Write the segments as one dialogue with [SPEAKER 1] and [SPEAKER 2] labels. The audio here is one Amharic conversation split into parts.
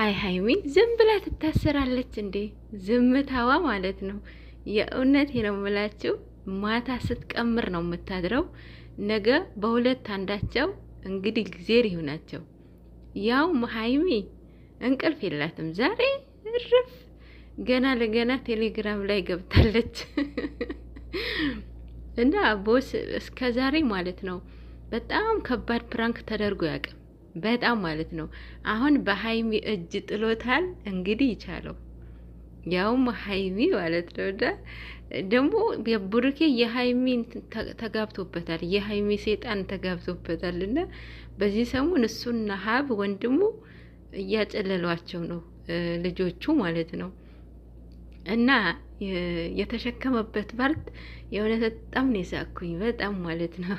[SPEAKER 1] አይ ሀይሚን ዝም ብላ ትታሰራለች እንዴ? ዝምታዋ ማለት ነው። የእውነት ነው የምላችሁ ማታ ስትቀምር ነው የምታድረው። ነገ በሁለት አንዳቸው እንግዲህ እግዜር ይሁናቸው። ያው ሀይሚ እንቅልፍ የላትም ዛሬ እርፍ። ገና ለገና ቴሌግራም ላይ ገብታለች እና ቦስ እስከ ዛሬ ማለት ነው በጣም ከባድ ፕራንክ ተደርጎ ያውቅም። በጣም ማለት ነው። አሁን በሀይሚ እጅ ጥሎታል። እንግዲህ ይቻለው ያውም ሀይሚ ማለት ነው እና ደግሞ የብሩኬ የሀይሚ ተጋብቶበታል፣ የሀይሚ ሴጣን ተጋብቶበታል። እና በዚህ ሰሞን እሱና ሀብ ወንድሙ እያጨለሏቸው ነው ልጆቹ ማለት ነው እና የተሸከመበት ባልት የሆነ በጣም ነው የሳኩኝ በጣም ማለት ነው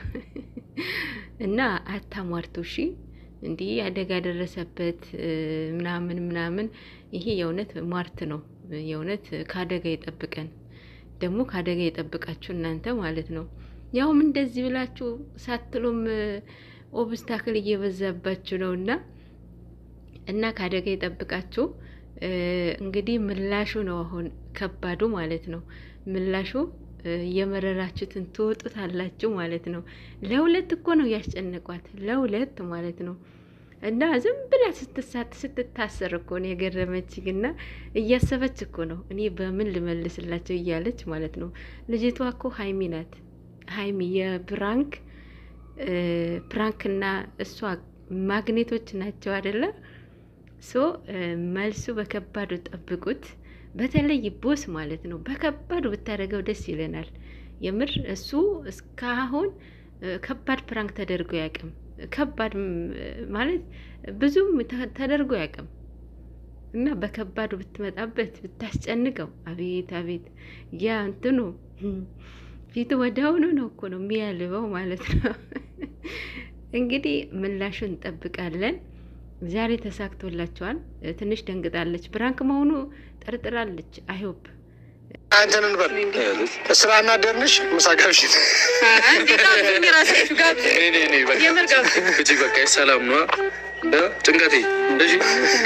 [SPEAKER 1] እና አታሟርቱ ሺ እንዲህ አደጋ ደረሰበት ምናምን ምናምን። ይሄ የእውነት ሟርት ነው። የእውነት ከአደጋ ይጠብቀን፣ ደግሞ ከአደጋ የጠብቃችሁ እናንተ ማለት ነው። ያውም እንደዚህ ብላችሁ ሳትሉም ኦብስታክል እየበዛባችሁ ነው እና እና ከአደጋ የጠብቃችሁ እንግዲህ ምላሹ ነው አሁን ከባዱ ማለት ነው ምላሹ የመረራችሁትን ትወጡታላችሁ ማለት ነው። ለሁለት እኮ ነው ያስጨነቋት፣ ለሁለት ማለት ነው። እና ዝም ብላ ስትሳት ስትታሰር እኮ ነው የገረመችኝ። እና እያሰበች እኮ ነው እኔ በምን ልመልስላቸው እያለች ማለት ነው። ልጅቷ እኮ ሀይሚ ናት። ሀይሚ የፕራንክ ፕራንክና እሷ ማግኔቶች ናቸው አደለ ሶ መልሱ በከባዱ ጠብቁት። በተለይ ቦስ ማለት ነው በከባድ ብታደርገው ደስ ይለናል። የምር እሱ እስካሁን ከባድ ፕራንክ ተደርጎ ያቅም ከባድ ማለት ብዙም ተደርጎ ያቅም እና በከባድ ብትመጣበት ብታስጨንቀው፣ አቤት አቤት ያ እንትኑ ፊት ወዲያውኑ ነው እኮ ነው የሚያልበው ማለት ነው። እንግዲህ ምላሹን እንጠብቃለን። ዛሬ ተሳክቶላቸዋል። ትንሽ ደንግጣለች። ብራንክ መሆኑ ጠርጥራለች። አይሆፕ
[SPEAKER 2] አንተን እንበል ስራና ደንሽ መሳጋብሽ እጅግ በቃ ሰላም ነዋ። ጭንቀቴ እንደዚህ